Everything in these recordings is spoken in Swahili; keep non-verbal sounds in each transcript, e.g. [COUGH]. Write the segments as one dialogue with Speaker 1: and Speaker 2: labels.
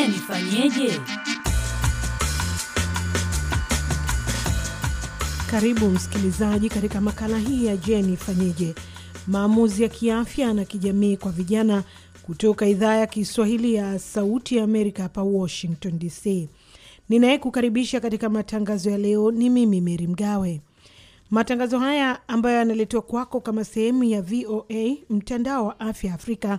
Speaker 1: Je, nifanyeje? Karibu msikilizaji katika makala hii ya Je, nifanyeje? Maamuzi ya kiafya na kijamii kwa vijana kutoka idhaa ya Kiswahili ya Sauti ya Amerika hapa Washington DC. Ninayekukaribisha katika matangazo ya leo ni mimi Meri Mgawe. Matangazo haya ambayo yanaletwa kwako kama sehemu ya VOA mtandao wa afya Afrika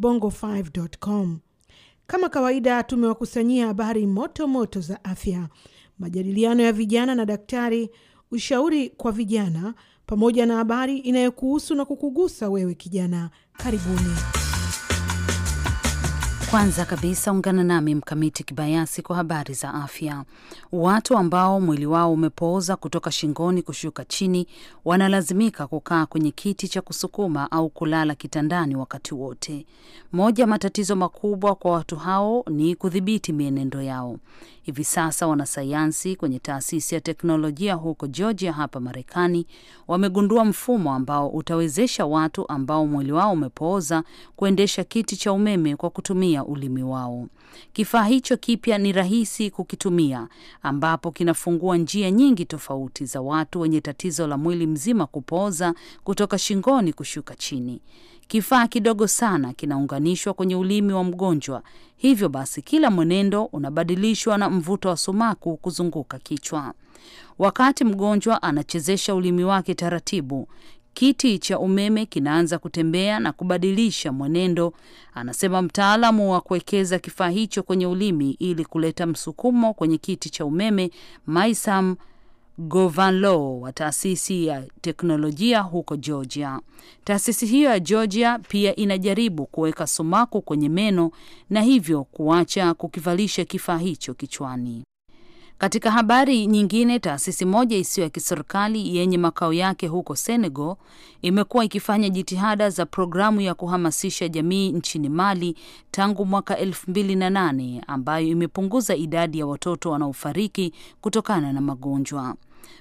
Speaker 1: bongo5.com. Kama kawaida, tumewakusanyia habari moto moto za afya, majadiliano ya vijana na daktari, ushauri kwa vijana, pamoja na habari inayokuhusu na kukugusa wewe kijana. Karibuni.
Speaker 2: Kwanza kabisa ungana nami Mkamiti Kibayasi kwa habari za afya. Watu ambao mwili wao umepooza kutoka shingoni kushuka chini wanalazimika kukaa kwenye kiti cha kusukuma au kulala kitandani wakati wote. Moja matatizo makubwa kwa watu hao ni kudhibiti mienendo yao. Hivi sasa wanasayansi kwenye taasisi ya teknolojia huko Georgia hapa Marekani wamegundua mfumo ambao utawezesha watu ambao mwili wao umepooza kuendesha kiti cha umeme kwa kutumia kutumia ulimi wao. Kifaa hicho kipya ni rahisi kukitumia, ambapo kinafungua njia nyingi tofauti za watu wenye tatizo la mwili mzima kupooza kutoka shingoni kushuka chini. Kifaa kidogo sana kinaunganishwa kwenye ulimi wa mgonjwa, hivyo basi kila mwenendo unabadilishwa na mvuto wa sumaku kuzunguka kichwa. Wakati mgonjwa anachezesha ulimi wake taratibu, kiti cha umeme kinaanza kutembea na kubadilisha mwenendo, anasema mtaalamu wa kuwekeza kifaa hicho kwenye ulimi ili kuleta msukumo kwenye kiti cha umeme Maisam Govanlo wa taasisi ya teknolojia huko Georgia. Taasisi hiyo ya Georgia pia inajaribu kuweka sumaku kwenye meno na hivyo kuacha kukivalisha kifaa hicho kichwani. Katika habari nyingine, taasisi moja isiyo ya kiserikali yenye makao yake huko Senegal imekuwa ikifanya jitihada za programu ya kuhamasisha jamii nchini Mali tangu mwaka elfu mbili na nane ambayo imepunguza idadi ya watoto wanaofariki kutokana na magonjwa.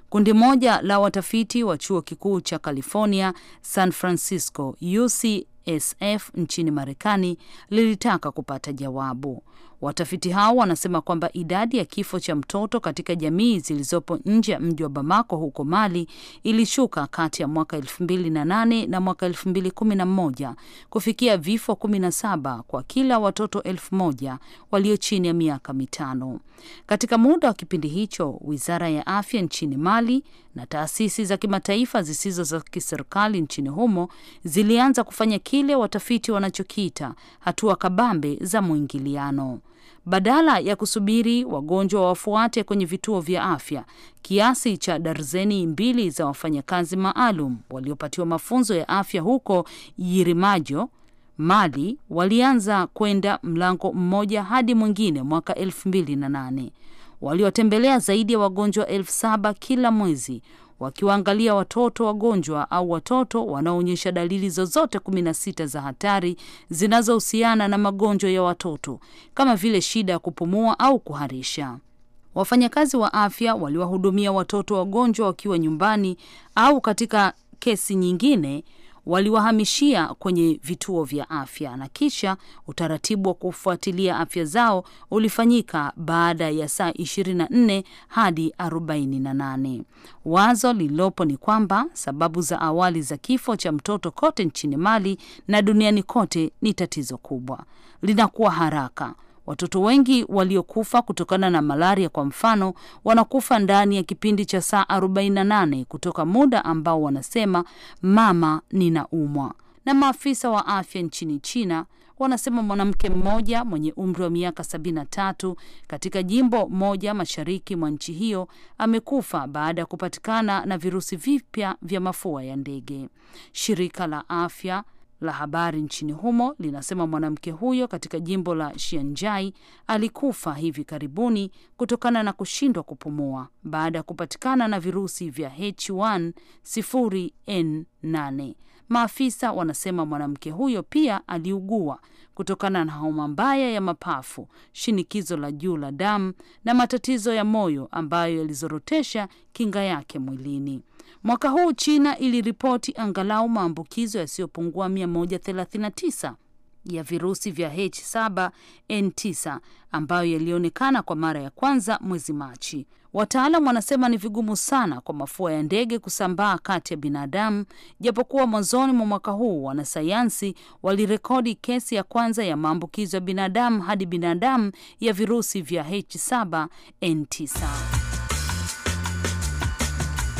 Speaker 2: Kundi moja la watafiti wa chuo kikuu cha California San Francisco UCSF nchini Marekani lilitaka kupata jawabu. Watafiti hao wanasema kwamba idadi ya kifo cha mtoto katika jamii zilizopo nje ya mji wa Bamako huko Mali ilishuka kati ya mwaka 2008 na mwaka 2011 kufikia vifo 17 kwa kila watoto elfu moja walio chini ya miaka mitano. Katika muda wa kipindi hicho, wizara ya afya nchini Mali na taasisi za kimataifa zisizo za kiserikali nchini humo zilianza kufanya kile watafiti wanachokiita hatua kabambe za mwingiliano badala ya kusubiri wagonjwa wafuate kwenye vituo vya afya. Kiasi cha darzeni mbili za wafanyakazi maalum waliopatiwa mafunzo ya afya huko Yirimajo, Mali walianza kwenda mlango mmoja hadi mwingine mwaka elfu mbili na nane. Waliotembelea zaidi ya wagonjwa elfu saba kila mwezi wakiwaangalia watoto wagonjwa au watoto wanaoonyesha dalili zozote kumi na sita za hatari zinazohusiana na magonjwa ya watoto kama vile shida ya kupumua au kuharisha. Wafanyakazi wa afya waliwahudumia watoto wagonjwa wakiwa nyumbani au katika kesi nyingine waliwahamishia kwenye vituo vya afya, na kisha utaratibu wa kufuatilia afya zao ulifanyika baada ya saa 24 hadi 48. Wazo lililopo ni kwamba sababu za awali za kifo cha mtoto kote nchini Mali na duniani kote ni tatizo kubwa, linakuwa haraka Watoto wengi waliokufa kutokana na malaria kwa mfano, wanakufa ndani ya kipindi cha saa 48 kutoka muda ambao wanasema mama, ninaumwa. Na maafisa wa afya nchini China wanasema mwanamke mmoja mwenye umri wa miaka sabini na tatu katika jimbo moja mashariki mwa nchi hiyo amekufa baada ya kupatikana na virusi vipya vya mafua ya ndege. Shirika la afya la habari nchini humo linasema mwanamke huyo katika jimbo la Shianjai alikufa hivi karibuni kutokana na kushindwa kupumua baada ya kupatikana na virusi vya H1N8. Maafisa wanasema mwanamke huyo pia aliugua kutokana na homa mbaya ya mapafu, shinikizo la juu la damu na matatizo ya moyo ambayo yalizorotesha kinga yake mwilini. Mwaka huu China iliripoti angalau maambukizo yasiyopungua 139 ya virusi vya H7N9 ambayo yalionekana kwa mara ya kwanza mwezi Machi. Wataalam wanasema ni vigumu sana kwa mafua ya ndege kusambaa kati ya binadamu, japokuwa mwanzoni mwa mwaka huu wanasayansi walirekodi kesi ya kwanza ya maambukizo ya binadamu hadi binadamu ya virusi vya H7N9.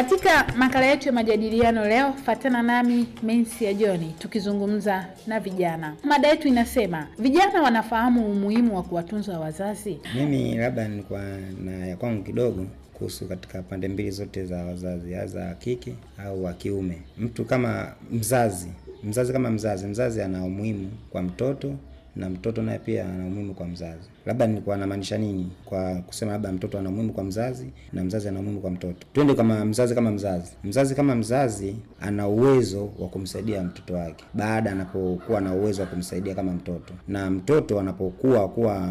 Speaker 3: Katika makala yetu ya majadiliano leo, fatana nami Mensi ya Joni tukizungumza na vijana. Mada yetu inasema vijana wanafahamu umuhimu wa kuwatunza wazazi.
Speaker 4: Mimi labda nilikuwa na ya kwangu kidogo kuhusu katika pande mbili zote za wazazi, za wa kike au wa kiume. Mtu kama mzazi, mzazi kama mzazi, mzazi ana umuhimu kwa mtoto na mtoto naye pia ana umuhimu kwa mzazi labda nilikuwa namaanisha nini kwa kusema labda mtoto ana umuhimu kwa mzazi na mzazi ana umuhimu kwa mtoto. Twende kama mzazi kama mzazi, mzazi kama mzazi ana uwezo wa kumsaidia mtoto wake baada anapokuwa na uwezo wa kumsaidia kama mtoto, na mtoto anapokuwa kuwa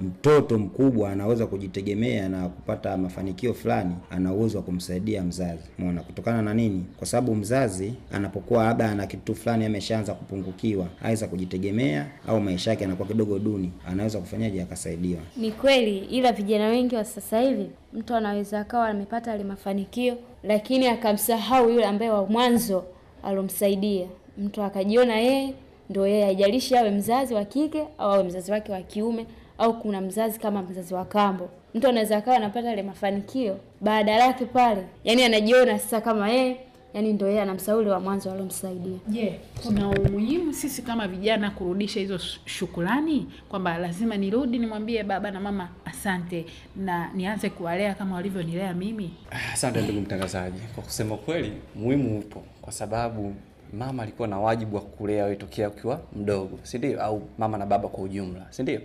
Speaker 4: mtoto mkubwa anaweza kujitegemea na kupata mafanikio fulani, ana uwezo wa kumsaidia mzazi. Umeona, kutokana na nini? Kwa sababu mzazi anapokuwa labda ana kitu fulani ameshaanza kupungukiwa, aweza kujitegemea au maisha yake yanakuwa kidogo duni, anaweza kufanyaje akasaidiwa.
Speaker 5: Ni kweli, ila vijana wengi wa sasa hivi mtu anaweza akawa amepata ile mafanikio, lakini akamsahau yule ambaye wa mwanzo alomsaidia. Mtu akajiona yeye ndo yeye, haijalishi awe mzazi wa kike au awe mzazi wake wa kiume au kuna mzazi kama mzazi wa kambo. Mtu anaweza akawa anapata ile mafanikio, baada yake pale, yani anajiona sasa kama yeye yani ndio yeye
Speaker 3: anamsahau wa mwanzo alomsaidia. Je, yeah, kuna umuhimu sisi kama vijana kurudisha hizo shukurani kwamba lazima nirudi nimwambie baba na mama asante na nianze kuwalea kama walivyonilea mimi?
Speaker 6: Asante ndugu mtangazaji, kwa kusema kweli muhimu upo kwa sababu mama alikuwa na wajibu wa kulea wewe tokea ukiwa mdogo, si ndio? Au mama na baba kwa ujumla, si ndio?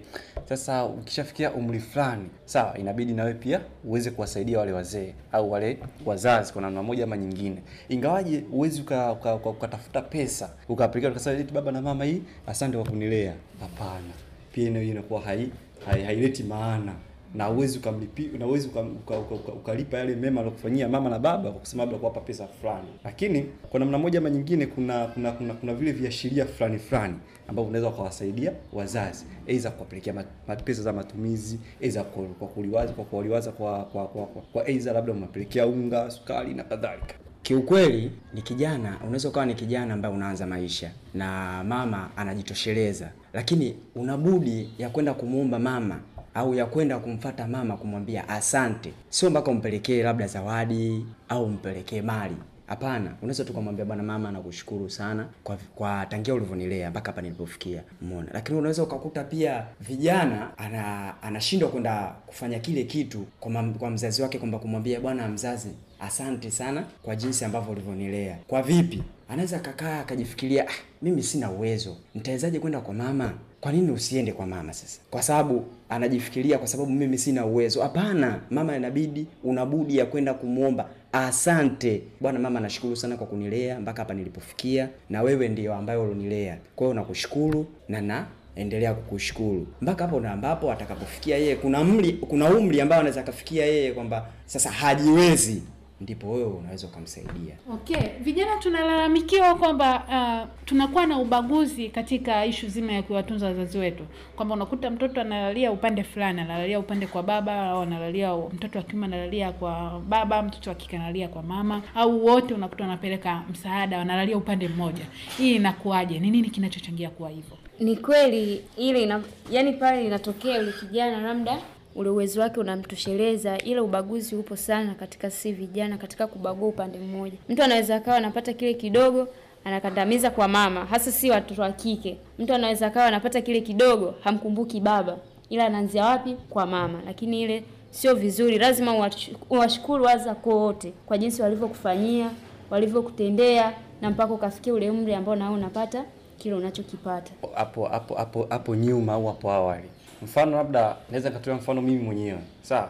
Speaker 6: Sasa ukishafikia umri fulani, sawa, inabidi na wewe pia uweze kuwasaidia wale wazee au wale wazazi kwa namna moja ama nyingine, ingawaje uwezi ukatafuta uka, uka, uka pesa ukapeleka ukasema eti baba na mama, hii asante kwa kunilea. Hapana, pia inayo inakuwa hai haileti hai maana na uwezi ukamlipi na uwezi ukalipa uka, uka, uka, uka yale mema aliyokufanyia mama na baba kwa kusema labda kuwapa pesa fulani, lakini kwa namna moja ama nyingine, kuna kuna kuna, kuna vile viashiria fulani fulani ambavyo unaweza kuwasaidia wazazi, aidha kuwapelekea pesa za matumizi, aidha kwa kuliwaza kwa kuliwaza kwa kwa kwa kwa aidha labda umapelekea unga, sukari na kadhalika.
Speaker 7: Kiukweli
Speaker 6: ni kijana, unaweza ukawa ni kijana ambaye unaanza maisha
Speaker 7: na mama anajitosheleza, lakini unabudi ya kwenda kumuomba mama au ya kwenda kumfata mama kumwambia asante, sio mpaka umpelekee labda zawadi au umpelekee mali. Hapana, unaweza tu kumwambia bwana, mama nakushukuru sana kwa, kwa tangia ulivyonilea mpaka hapa nilipofikia, umeona. Lakini unaweza ukakuta pia vijana ana, anashindwa kwenda kufanya kile kitu kwa, mam, kwa mzazi wake kwamba kumwambia bwana mzazi, asante sana kwa jinsi ambavyo ulivyonilea. Kwa vipi? Anaweza kakaa akajifikiria, ah, mimi sina uwezo, nitawezaje kwenda kwa mama kwa nini usiende kwa mama sasa? Kwa sababu anajifikiria kwa sababu mimi sina uwezo. Hapana, mama inabidi unabudi ya kwenda kumwomba. Asante bwana mama, nashukuru sana kwa kunilea mpaka hapa nilipofikia, na wewe ndiyo ambayo ulonilea. Kwa hiyo nakushukuru na na endelea kukushukuru mpaka hapo na ambapo atakapofikia yeye. Kuna umri, kuna umri ambao anaweza akafikia yeye kwamba sasa hajiwezi ndipo wewe unaweza ukamsaidia.
Speaker 3: Okay, vijana tunalalamikiwa kwamba uh, tunakuwa na ubaguzi katika ishu zima ya kuwatunza wazazi wetu, kwamba unakuta mtoto analalia upande fulani, analalia upande kwa baba, au analalia mtoto wa kiume analalia kwa baba, mtoto wa kike analalia kwa mama, au wote unakuta wanapeleka msaada, wanalalia upande mmoja. Hii inakuwaje? Ni nini kinachochangia kuwa hivyo?
Speaker 5: Ni kweli ile ina, yani pale inatokea yule kijana labda ule uwezo wake unamtosheleza, ila ubaguzi upo sana katika si vijana, katika kubagua upande mmoja. Mtu anaweza akawa anapata kile kidogo anakandamiza kwa mama, hasa si watoto wa kike. Mtu anaweza akawa anapata kile kidogo hamkumbuki baba, ila anaanzia wapi? Kwa mama. Lakini ile sio vizuri, lazima uwashukuru wazako wote kwa jinsi walivyokufanyia, walivyokutendea na mpaka ukafikia ule umri ambao nao unapata kile unachokipata
Speaker 6: hapo hapo hapo hapo nyuma au hapo awali Mfano labda naweza nikatolea mfano mimi mwenyewe. Sawa?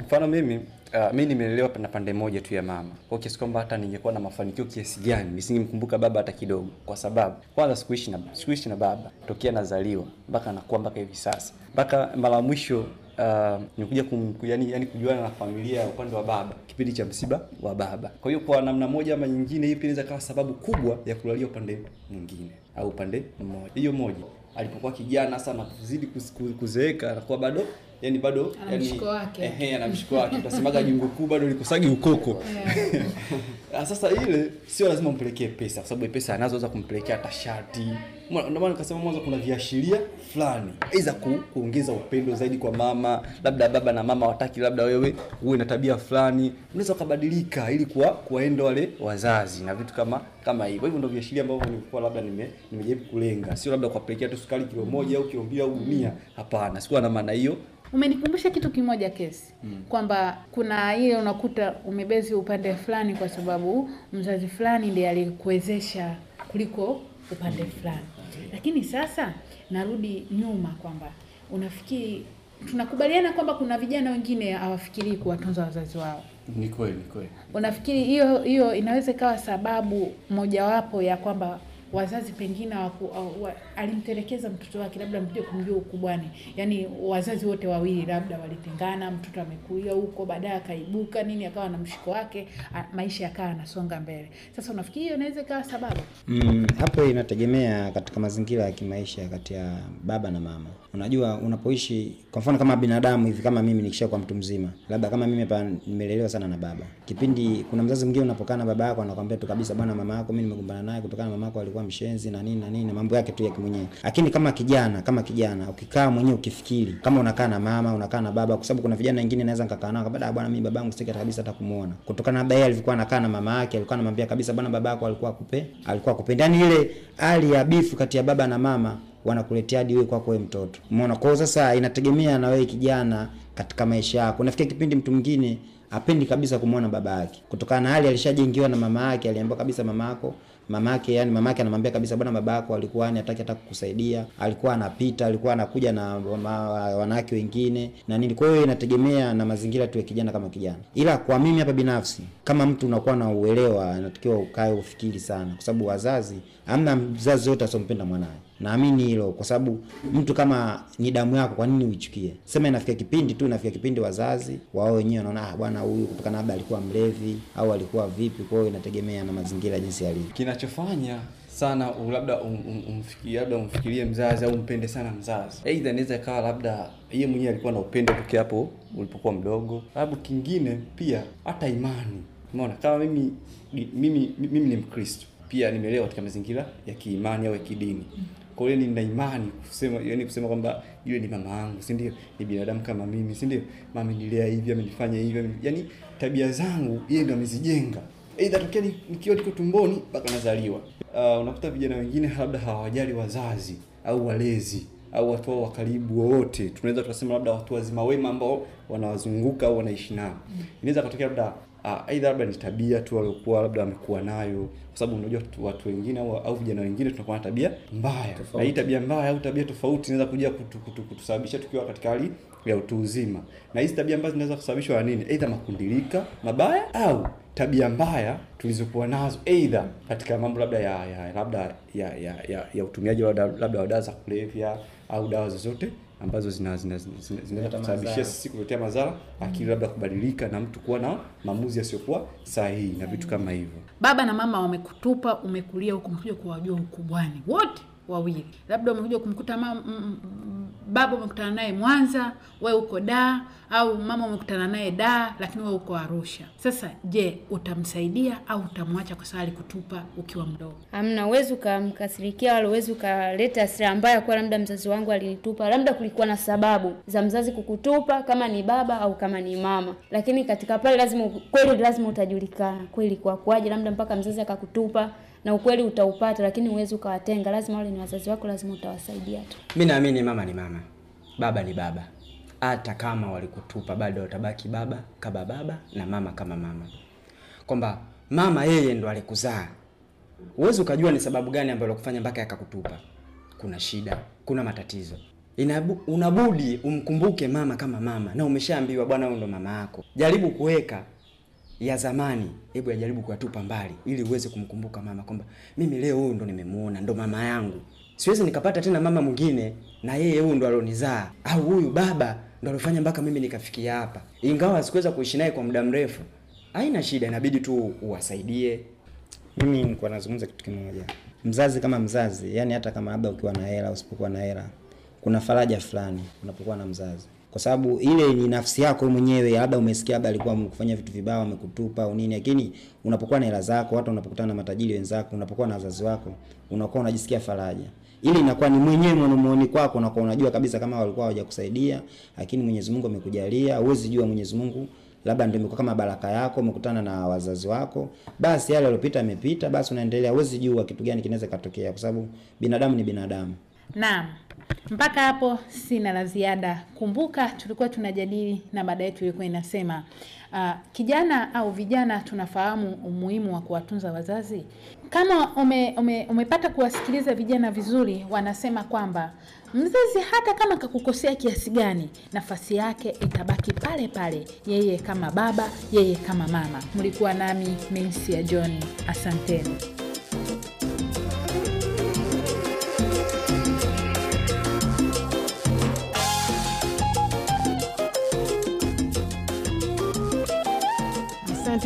Speaker 6: Mfano mimi uh, mimi nimelelewa na pande moja tu ya mama. Kwa kiasi kwamba hata ningekuwa na mafanikio kiasi gani nisingemkumbuka baba hata kidogo, kwa sababu kwanza sikuishi na sikuishi na baba tokea nazaliwa mpaka nakuwa mpaka hivi sasa. Mpaka mara mwisho Uh, ah, nikuja kum, yani, yani kujuana na familia upande wa baba kipindi cha msiba wa baba. Kwa hiyo kwa namna moja ama nyingine, hii pia inaweza kawa sababu kubwa ya kulalia upande mwingine au upande mmoja. Hiyo moja alipokuwa kijana sana kuzidi kuzeeka anakuwa bado yani bado yani, ehe ana mshiko wake tunasemaga jungu kuu bado likusagi ukoko [LAUGHS] Ah, sasa ile sio lazima umpelekee pesa, kwa sababu pesa anazoweza kumpelekea hata shati. Ndio maana nikasema mwanzo kuna viashiria fulani, aidha ku, kuongeza upendo zaidi kwa mama, labda baba na mama wataki, labda wewe uwe na tabia fulani, unaweza ukabadilika ili kuwa kuwaenda wale wazazi na vitu kama kama hivyo. Hivyo ndio viashiria ambavyo nilikuwa labda nime nimejaribu kulenga, sio labda kuwapelekea tu sukari kilo moja au kilo mbili au gunia Hapana, sikuwa na maana hiyo.
Speaker 3: Umenikumbusha kitu kimoja kesi, hmm, kwamba kuna ile unakuta umebezi upande fulani kwa sababu sababu mzazi fulani ndiye alikuwezesha kuliko upande fulani. Lakini sasa narudi nyuma kwamba unafikiri tunakubaliana kwamba kuna vijana wengine hawafikirii kuwatunza wazazi wao.
Speaker 6: Ni kweli kweli.
Speaker 3: Unafikiri hiyo hiyo inaweza ikawa sababu mojawapo ya kwamba wazazi pengine alimtelekeza mtoto wake, labda mkuja kumjua ukubwani, yani wazazi wote wawili labda walitengana, mtoto amekulia huko, baadaye akaibuka nini, akawa na mshiko wake, maisha yakawa anasonga mbele. Sasa unafikiri hiyo inaweza ikawa sababu?
Speaker 4: Mm, hapo inategemea katika mazingira ya kimaisha kati ya baba na mama. Unajua, unapoishi kwa mfano kama binadamu hivi, kama mimi nikisha kwa mtu mzima, labda kama mimi hapa nimelelewa sana na baba, kipindi kuna mzazi mwingine unapokaa na baba yako anakuambia tu kabisa, bwana, mama yako mimi nimegombana naye kutokana na mama yako alikuwa mshenzi na nini na nini, na mambo yake tu yake mwenyewe. Lakini kama kijana, kama kijana ukikaa mwenyewe ukifikiri, kama unakaa na mama, unakaa na baba, kwa sababu kuna vijana wengine naweza nikakaa nao baada, bwana, mimi babangu sitaki kabisa hata kumuona, kutokana na yeye alikuwa anakaa na mama yake, alikuwa anamwambia kabisa, bwana, baba yako alikuwa akupe alikuwa akupe, yani ile hali ya bifu kati ya baba na mama wanakuletea hadi wewe kwako wewe mtoto. Umeona? Kwa hiyo sasa inategemea na wewe kijana katika maisha yako. Nafikia kipindi mtu mwingine apendi kabisa kumwona baba yake kutokana na hali alishajengiwa na mama yake, aliambiwa kabisa mama yako mama yake yani, mama yake anamwambia kabisa, bwana, baba yako alikuwa ni hataki hata kukusaidia, alikuwa anapita, alikuwa anakuja na wanawake wengine na nini. Kwa hiyo inategemea na mazingira tu ya kijana kama kijana, ila kwa mimi hapa binafsi, kama mtu unakuwa na uelewa, inatakiwa ukae ufikiri sana, kwa sababu wazazi, amna mzazi yote asompenda mwanaye Naamini hilo kwa sababu mtu kama ni damu yako, kwa nini uichukie? Sema inafikia kipindi tu, inafikia kipindi wazazi wao wenyewe wanaona ah, bwana huyu kutokana labda alikuwa mlevi au alikuwa vipi. Kwa hiyo inategemea na mazingira jinsi yalivyo.
Speaker 6: Kinachofanya sana labda um, um, labda umfikirie mzazi au umpende sana mzazi, aidha inaweza ikawa labda yeye mwenyewe alikuwa na upendo tokea hapo ulipokuwa mdogo, sababu kingine pia hata imani. Umeona, kama mimi mimi mimi ni Mkristo, pia nimelewa katika mazingira ya kiimani au ya kidini. Kwa hiyo nina imani kusema, yani kusema kwamba yule ni mama yangu, si ndio? Ni binadamu kama mimi, si ndio? Mama nililea hivi, amenifanya hivi, yani tabia zangu yeye ndo amezijenga. Aidha tokea nikiwa niko tumboni mpaka nazaliwa. Uh, unakuta vijana wengine labda hawajali wazazi au walezi au watu wao wa karibu wote, tunaweza tukasema labda watu wazima wema ambao wanawazunguka au wanaishi nao. Mm. Inaweza katokea labda uh, labda ni tabia tu waliokuwa labda wamekuwa nayo, kwa sababu unajua watu wengine au, au vijana wengine tunakuwa na tabia mbaya, na hii tabia mbaya au tabia tofauti inaweza kuja kutu, kutu, kutusababisha tukiwa katika hali ya utu uzima, na hizi tabia ambazo zinaweza kusababishwa na nini? Aidha makundilika mabaya au tabia mbaya tulizokuwa nazo aidha katika mambo labda ya, ya labda ya ya, ya, ya utumiaji labda wa dawa za kulevya au dawa zozote ambazo zinaweza zina, zina, sisi kuletea madhara akili labda kubadilika na mtu kuwa na maamuzi yasiyokuwa sahihi na vitu kama hivyo.
Speaker 3: Baba na mama wamekutupa, umekulia huku, mekuja kuwajua ukubwani wote wawili, labda umekuja kumkuta mama, baba umekutana naye Mwanza, wewe uko Dar, au mama umekutana naye Dar, lakini wewe uko Arusha. Sasa je, utamsaidia au utamwacha kwa sababu alikutupa ukiwa mdogo?
Speaker 5: Amna, uwezi ukamkasirikia wala uwezi ukaleta hasira ambayo kwa labda mzazi wangu alinitupa, labda kulikuwa na sababu za mzazi kukutupa, kama ni baba au kama ni mama. Lakini katika pale lazima kweli, lazima utajulikana kweli kwa kwaje, labda mpaka mzazi akakutupa na ukweli utaupata, lakini huwezi ukawatenga. Lazima wale ni wazazi wako, lazima utawasaidia tu.
Speaker 7: Mimi naamini mama ni mama, baba ni baba. Hata kama walikutupa bado watabaki baba kama baba na mama kama mama, kwamba mama yeye ndo alikuzaa. Huwezi ukajua ni sababu gani ambayo alikufanya mpaka yakakutupa. Kuna shida, kuna matatizo Inabu, unabudi umkumbuke mama kama mama, na umeshaambiwa bwana, huyo ndo mama yako. Jaribu kuweka ya zamani, hebu ajaribu kuyatupa mbali, ili uweze kumkumbuka mama kwamba mimi leo huyu ndo nimemuona, ndo mama yangu. Siwezi nikapata tena mama mwingine, na yeye huyu ndo alonizaa, au huyu baba ndo alofanya mpaka mimi nikafikia hapa. Ingawa sikuweza kuishi naye kwa muda mrefu, haina shida, inabidi tu uwasaidie.
Speaker 4: Mimi nilikuwa nazungumza kitu kimoja, mzazi kama mzazi, yani hata kama labda ukiwa na hela usipokuwa na hela, kuna faraja fulani unapokuwa na mzazi kwa sababu ile ni nafsi yako mwenyewe. Labda umesikia labda alikuwa amekufanya vitu vibaya, amekutupa au nini, lakini unapokuwa na hela zako, hata unapokutana na matajiri wenzako, unapokuwa na wazazi wako, unakuwa unajisikia faraja ili inakuwa ni mwenyewe mwanamoni kwako, na kwa unajua kabisa kama walikuwa hawajakusaidia, lakini Mwenyezi Mungu amekujalia. Huwezi jua Mwenyezi Mungu labda ndio imekuwa kama baraka yako, umekutana na wazazi wako, basi yale yaliyopita yamepita, basi unaendelea. Huwezi jua kitu gani kinaweza katokea, kwa sababu binadamu ni binadamu.
Speaker 3: Naam. Mpaka hapo sina la ziada. Kumbuka tulikuwa tunajadili na mada yetu ilikuwa inasema uh, kijana au vijana tunafahamu umuhimu wa kuwatunza wazazi. Kama ume, ume, umepata kuwasikiliza vijana vizuri, wanasema kwamba mzazi hata kama kakukosea kiasi gani, nafasi yake itabaki pale pale, yeye kama baba, yeye kama mama. Mlikuwa nami ya John, asanteni.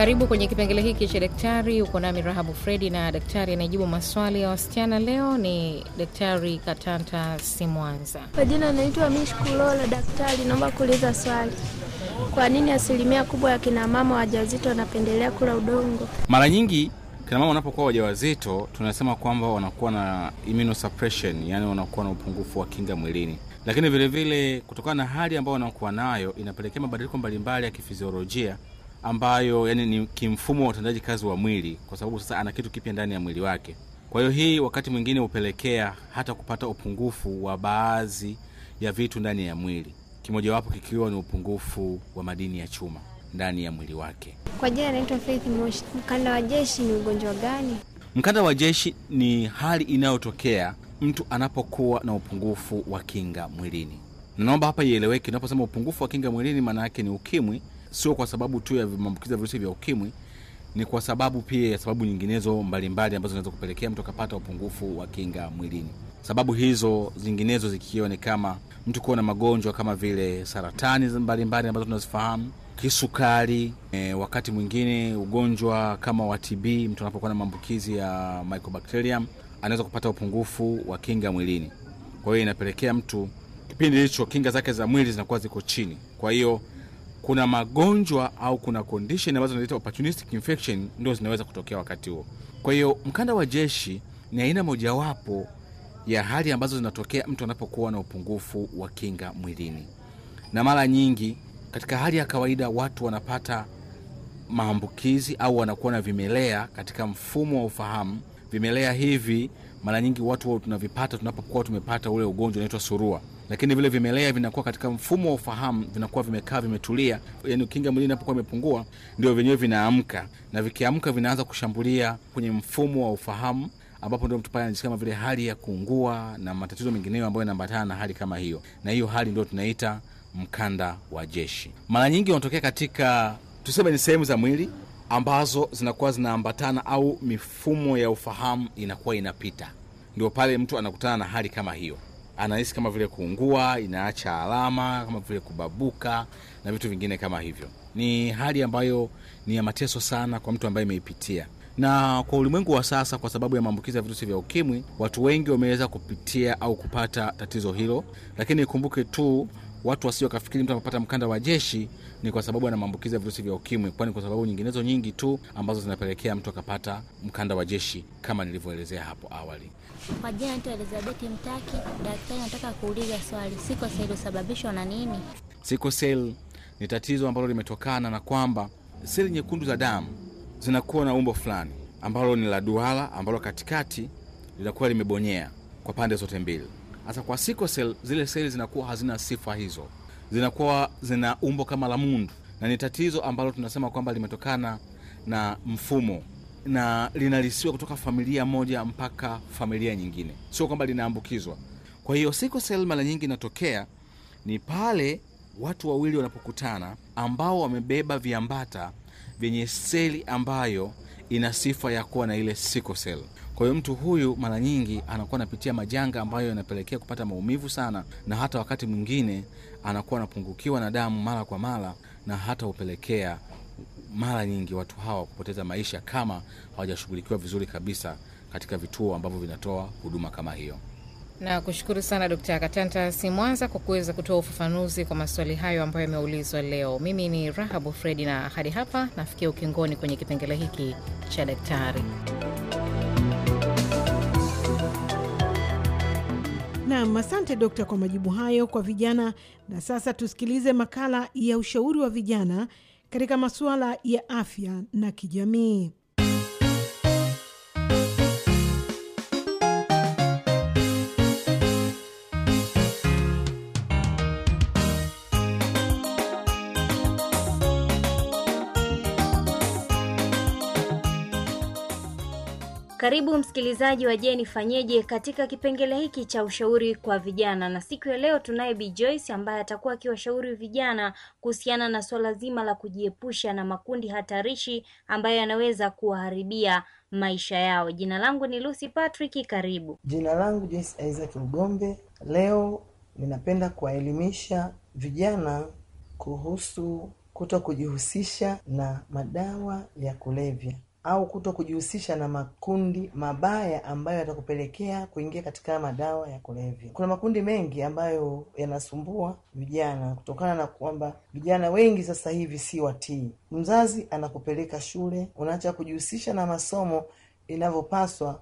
Speaker 8: Karibu kwenye kipengele hiki cha daktari. Uko nami Rahabu Fredi na daktari anayejibu maswali ya wasichana leo ni Daktari Katanta Simwanza. Kwa jina
Speaker 5: anaitwa Mishkulola. Daktari, naomba kuuliza swali. Kwa nini asilimia kubwa ya kinamama wajawazito wanapendelea kula udongo?
Speaker 9: Mara nyingi kinamama wanapokuwa wajawazito tunasema kwamba wanakuwa na immunosuppression, yani wanakuwa na upungufu wa kinga mwilini, lakini vilevile kutokana na hali ambayo wanakuwa nayo inapelekea mabadiliko mbalimbali ya kifiziolojia ambayo yani ni kimfumo wa utendaji kazi wa mwili, kwa sababu sasa ana kitu kipya ndani ya mwili wake. Kwa hiyo hii wakati mwingine hupelekea hata kupata upungufu wa baadhi ya vitu ndani ya mwili, kimojawapo kikiwa ni upungufu wa madini ya chuma ndani ya mwili wake.
Speaker 5: Kwa jina anaitwa Faith Mkanda wa jeshi ni ugonjwa
Speaker 8: gani?
Speaker 9: Mkanda wa jeshi ni hali inayotokea mtu anapokuwa na upungufu wa kinga mwilini, naomba hapa ieleweke, unaposema upungufu wa kinga mwilini, maana yake ni ukimwi sio kwa sababu tu ya maambukizi ya virusi vya ukimwi ni kwa sababu pia ya sababu nyinginezo mbalimbali ambazo zinaweza kupelekea mtu akapata upungufu wa kinga mwilini sababu hizo zinginezo zikiwa ni kama mtu kuwa na magonjwa kama vile saratani mbalimbali ambazo tunazifahamu kisukari e, wakati mwingine ugonjwa kama wa tb mtu anapokuwa na maambukizi ya mycobacterium anaweza kupata upungufu wa kinga mwilini kwa hiyo inapelekea mtu kipindi hicho kinga zake za mwili zinakuwa ziko chini kwa hiyo kuna magonjwa au kuna condition ambazo zinaita opportunistic infection ndio zinaweza kutokea wakati huo. Kwa hiyo mkanda wa jeshi ni aina mojawapo ya hali ambazo zinatokea mtu anapokuwa na upungufu wa kinga mwilini, na mara nyingi katika hali ya kawaida watu wanapata maambukizi au wanakuwa na vimelea katika mfumo wa ufahamu. Vimelea hivi mara nyingi watu tunavipata tunapokuwa tumepata ule ugonjwa unaitwa surua lakini vile vimelea vinakuwa katika mfumo wa ufahamu, vinakuwa vimekaa vimetulia, yani kinga mwilini inapokuwa imepungua, ndio vyenyewe vinaamka, na vikiamka vinaanza kushambulia kwenye mfumo wa ufahamu ambapo ndio mtu pale kama vile hali ya kuungua na matatizo mengineyo ambayo yanaambatana na hali kama hiyo, na hiyo hali ndio tunaita mkanda wa jeshi. Mara nyingi unatokea katika tuseme ni sehemu za mwili ambazo zinakuwa zinaambatana au mifumo ya ufahamu inakuwa inapita, ndio pale mtu anakutana na hali kama hiyo anahisi kama vile kuungua, inaacha alama kama vile kubabuka na vitu vingine kama hivyo. Ni hali ambayo ni ya mateso sana kwa mtu ambaye imeipitia na kwa ulimwengu wa sasa, kwa sababu ya maambukizi ya virusi vya ukimwi, watu wengi wameweza kupitia au kupata tatizo hilo. Lakini ikumbuke tu, watu wasio wakafikiri mtu anapopata mkanda wa jeshi ni kwa sababu ana maambukizi ya virusi vya ukimwi, kwani kwa sababu nyinginezo nyingi tu ambazo zinapelekea mtu akapata mkanda wa jeshi kama nilivyoelezea hapo awali.
Speaker 5: Kwa jina naitwa Elizabeth Mtaki. Daktari, nataka kuuliza swali, siko cell husababishwa na nini?
Speaker 9: Siko cell ni tatizo ambalo limetokana na kwamba seli nyekundu za damu zinakuwa na umbo fulani ambalo ni la duara, ambalo katikati linakuwa limebonyea kwa pande zote mbili. hasa kwa siko cell, zile seli zinakuwa hazina sifa hizo, zinakuwa zina umbo kama la mundu, na ni tatizo ambalo tunasema kwamba limetokana na mfumo na linalisiwa kutoka familia moja mpaka familia nyingine, sio kwamba linaambukizwa. Kwa hiyo sickle cell mara nyingi inatokea ni pale watu wawili wanapokutana ambao wamebeba viambata vyenye seli ambayo ina sifa ya kuwa na ile sickle cell. Kwa hiyo mtu huyu mara nyingi anakuwa anapitia majanga ambayo yanapelekea kupata maumivu sana, na hata wakati mwingine anakuwa anapungukiwa na damu mara kwa mara, na hata hupelekea mara nyingi watu hawa kupoteza maisha kama hawajashughulikiwa vizuri kabisa katika vituo ambavyo vinatoa huduma kama hiyo.
Speaker 8: Na kushukuru sana Dkt. Katanta mwanza kwa kuweza kutoa ufafanuzi kwa maswali hayo ambayo yameulizwa leo. Mimi ni Rahabu Fredi, na hadi hapa nafikia ukingoni kwenye kipengele hiki cha daktari.
Speaker 1: Nam, asante dokta kwa majibu hayo kwa vijana. Na sasa tusikilize makala ya ushauri wa vijana katika masuala ya afya na kijamii.
Speaker 5: Karibu msikilizaji wa Jeni Fanyeje katika kipengele hiki cha ushauri kwa vijana, na siku ya leo tunaye b Joyce ambaye atakuwa akiwashauri vijana kuhusiana na swala zima la kujiepusha na makundi hatarishi ambayo yanaweza kuwaharibia maisha yao. Jina langu ni Lucy Patrick, karibu.
Speaker 10: Jina langu Joyce Isaac Rugombe. Leo ninapenda kuwaelimisha vijana kuhusu kuto kujihusisha na madawa ya kulevya au kuto kujihusisha na makundi mabaya ambayo yatakupelekea kuingia katika madawa ya kulevya. Kuna makundi mengi ambayo yanasumbua vijana kutokana na kwamba vijana wengi sasa hivi si watii. Mzazi anakupeleka shule, unaacha kujihusisha na masomo inavyopaswa,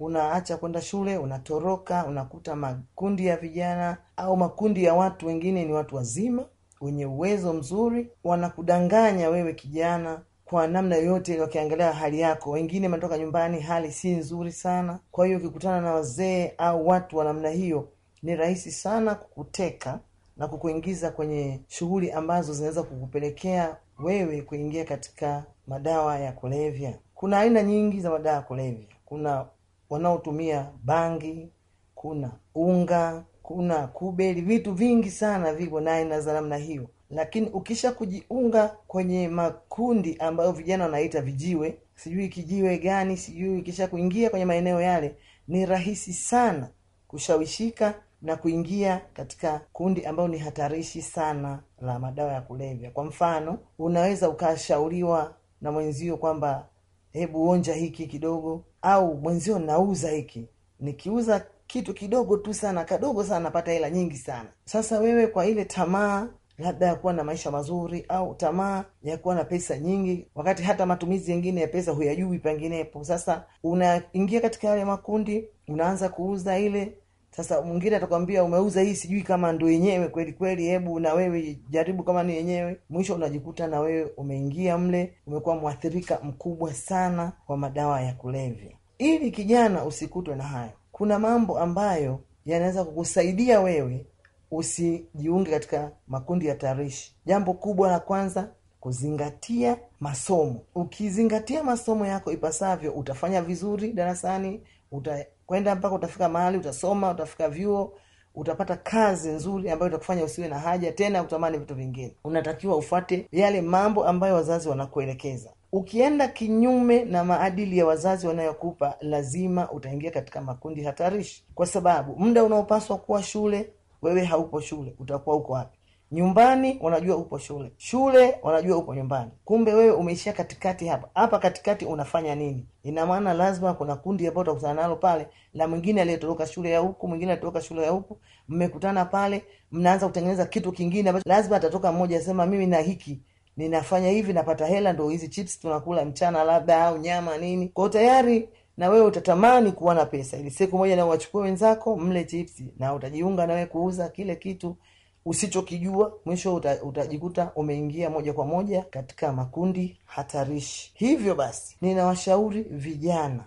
Speaker 10: unaacha kwenda shule, unatoroka, unakuta makundi ya vijana au makundi ya watu wengine, ni watu wazima wenye uwezo mzuri, wanakudanganya wewe kijana kwa namna yoyote wakiangalia hali yako. Wengine wanatoka nyumbani, hali si nzuri sana. Kwa hiyo ukikutana na wazee au watu wa namna hiyo, ni rahisi sana kukuteka na kukuingiza kwenye shughuli ambazo zinaweza kukupelekea wewe kuingia katika madawa ya kulevya. Kuna aina nyingi za madawa ya kulevya. Kuna wanaotumia bangi, kuna unga, kuna kubeli, vitu vingi sana vipo na aina za namna hiyo lakini ukisha kujiunga kwenye makundi ambayo vijana wanaita vijiwe sijui kijiwe gani sijui kisha kuingia kwenye maeneo yale ni rahisi sana kushawishika na kuingia katika kundi ambayo ni hatarishi sana la madawa ya kulevya kwa mfano unaweza ukashauriwa na mwenzio kwamba hebu onja hiki kidogo au mwenzio nauza hiki nikiuza kitu kidogo tu sana kadogo sana napata hela nyingi sana sasa wewe kwa ile tamaa labda ya kuwa na maisha mazuri au tamaa ya kuwa na pesa nyingi, wakati hata matumizi yengine ya pesa huyajui penginepo. Sasa unaingia katika yale makundi, unaanza kuuza ile sasa mwingine atakwambia umeuza hii, sijui kama ndo yenyewe kweli kweli, hebu na wewe jaribu kama ni yenyewe. Mwisho unajikuta na wewe umeingia mle, umekuwa mwathirika mkubwa sana kwa madawa ya kulevya. Ili kijana usikutwe na hayo, kuna mambo ambayo yanaweza kukusaidia wewe usijiunge katika makundi ya tarishi jambo kubwa la kwanza kuzingatia masomo ukizingatia masomo yako ipasavyo utafanya vizuri darasani utakwenda mpaka utafika mahali utasoma utafika vyuo utapata kazi nzuri ambayo itakufanya usiwe na haja tena utamani vitu vingine unatakiwa ufate yale mambo ambayo wazazi wanakuelekeza ukienda kinyume na maadili ya wazazi wanayokupa lazima utaingia katika makundi hatarishi kwa sababu muda unaopaswa kuwa shule wewe haupo shule utakuwa uko wapi nyumbani wanajua upo shule shule wanajua upo nyumbani kumbe wewe umeishia katikati hapa hapa katikati unafanya nini ina maana lazima kuna kundi ambao utakutana nalo pale la mwingine aliyetoroka shule ya huku mwingine alitoroka shule ya huku mmekutana pale mnaanza kutengeneza kitu kingine ambacho lazima atatoka mmoja asema mimi na hiki ninafanya hivi napata hela ndo hizi chips tunakula mchana labda au nyama nini kwao tayari na wewe utatamani kuwa na pesa ili siku moja na uwachukue wenzako mle chipsi na utajiunga nawe kuuza kile kitu usichokijua mwisho uta, utajikuta umeingia moja kwa moja katika makundi hatarishi hivyo basi ninawashauri vijana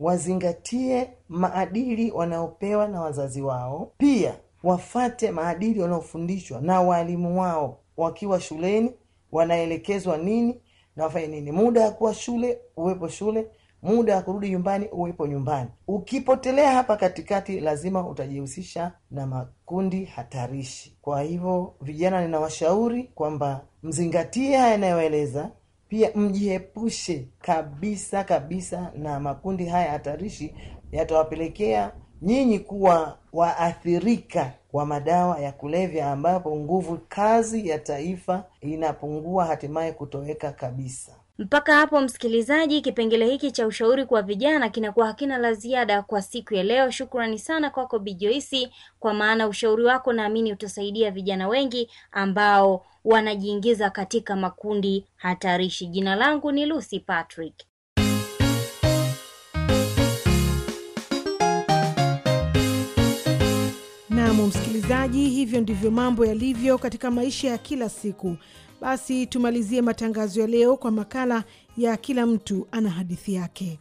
Speaker 10: wazingatie maadili wanaopewa na wazazi wao pia wafate maadili wanaofundishwa na waalimu wao wakiwa shuleni wanaelekezwa nini na wafanye nini muda ya kuwa shule uwepo shule muda wa kurudi nyumbani uwepo nyumbani. Ukipotelea hapa katikati, lazima utajihusisha na makundi hatarishi. Kwa hivyo, vijana, ninawashauri kwamba mzingatie haya yanayoeleza, pia mjihepushe kabisa kabisa na makundi haya hatarishi, yatawapelekea nyinyi kuwa waathirika wa madawa ya kulevya, ambapo nguvu kazi ya taifa inapungua, hatimaye kutoweka kabisa.
Speaker 5: Mpaka hapo msikilizaji, kipengele hiki cha ushauri kwa vijana kinakuwa hakina la ziada kwa siku ya leo. Shukrani sana kwako Bi Joyce, kwa maana ushauri wako naamini utasaidia vijana wengi ambao wanajiingiza katika makundi hatarishi. Jina langu ni Lucy Patrick.
Speaker 1: msikilizaji, hivyo ndivyo mambo yalivyo katika maisha ya kila siku. Basi tumalizie matangazo ya leo kwa makala ya kila mtu ana hadithi yake.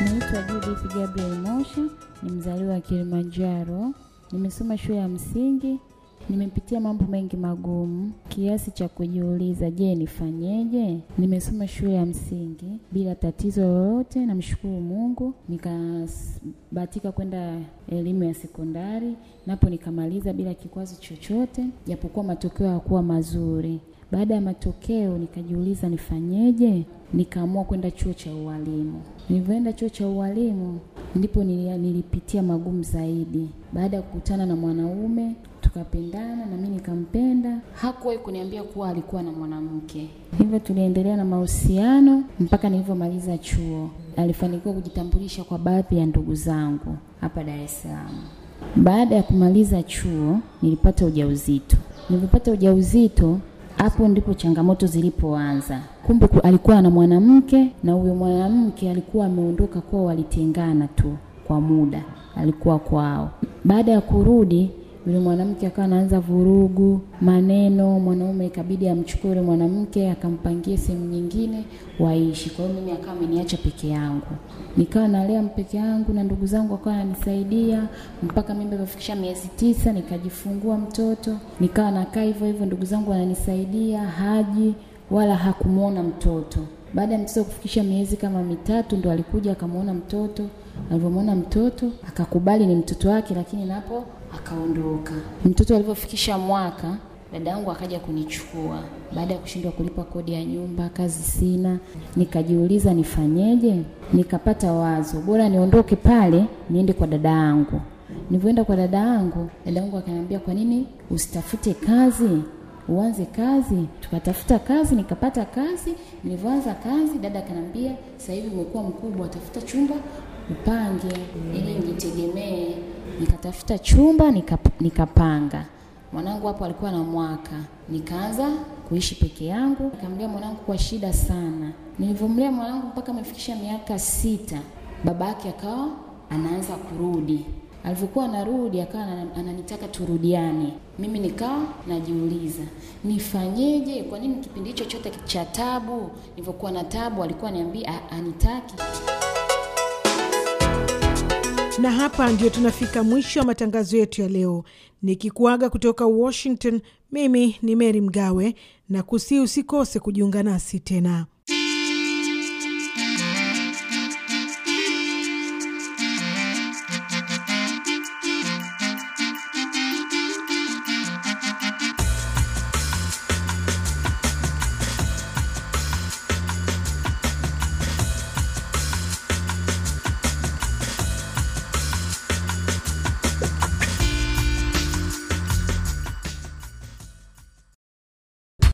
Speaker 8: Naitwa Judith Gabriel Mosha, ni mzaliwa wa Kilimanjaro. Nimesoma shule ya msingi Nimepitia mambo mengi magumu kiasi cha kujiuliza, je, nifanyeje? Nimesoma shule ya msingi bila tatizo lolote, namshukuru Mungu. Nikabahatika kwenda elimu ya sekondari, napo nikamaliza bila kikwazo chochote, japokuwa matokeo hayakuwa mazuri. Baada ya matokeo, nikajiuliza nifanyeje, nikaamua kwenda chuo cha ualimu. Nilivyoenda chuo cha ualimu ndipo nilipitia magumu zaidi, baada ya kukutana na mwanaume tukapendana na mimi nikampenda. Hakuwahi kuniambia kuwa alikuwa na mwanamke, hivyo tuliendelea na mahusiano mpaka nilivyomaliza chuo. Alifanikiwa kujitambulisha kwa baadhi ya ndugu zangu hapa Dar es Salaam. Baada ya kumaliza chuo, nilipata ujauzito. Nilipopata ujauzito hapo ndipo changamoto zilipoanza. Kumbe alikuwa na mwanamke na huyo mwanamke alikuwa ameondoka kwao, walitengana tu kwa muda, alikuwa kwao. Baada ya kurudi yule mwanamke akawa anaanza vurugu, maneno, mwanaume ikabidi amchukue yule mwanamke akampangie sehemu nyingine waishi. Kwa hiyo mimi akawa ameniacha peke yangu, nikawa nalea peke yangu na ndugu zangu wakawa wananisaidia mpaka mimi ikafikisha miezi tisa, nikajifungua mtoto, nikawa nakaa hivyo hivyo, ndugu zangu wananisaidia, haji wala hakumwona mtoto. Baada ya mtoto kufikisha miezi kama mitatu, ndo alikuja akamwona mtoto alivyomwona mtoto akakubali ni mtoto wake, lakini napo akaondoka. Mtoto alivyofikisha mwaka dada yangu akaja kunichukua baada ya kushindwa kulipa kodi ya nyumba, kazi sina. Nikajiuliza nifanyeje? Nikapata wazo bora niondoke pale niende kwa dada yangu. Nilivyoenda kwa dada yangu, dada yangu akaniambia, kwa nini usitafute kazi uanze kazi. Tukatafuta kazi, nikapata kazi. Nilivyoanza kazi, dada akaniambia, sasa hivi umekuwa mkubwa, tafuta chumba mpange ili nijitegemee. Nikatafuta chumba nikapanga. Mwanangu hapo alikuwa na mwaka, nikaanza kuishi peke yangu. Nikamlea mwanangu kwa shida sana. Nilivyomlea mwanangu mpaka amefikisha miaka sita, baba yake akawa anaanza kurudi. Alivyokuwa anarudi akawa ananitaka turudiane. Mimi nikawa najiuliza nifanyeje? Kwa nini kipindi hicho chote cha tabu, nilivyokuwa na tabu alikuwa ananiambia anitaki
Speaker 1: na hapa ndio tunafika mwisho wa matangazo yetu ya leo, nikikuaga kutoka Washington. Mimi ni Mary Mgawe na kusii, usikose kujiunga nasi tena.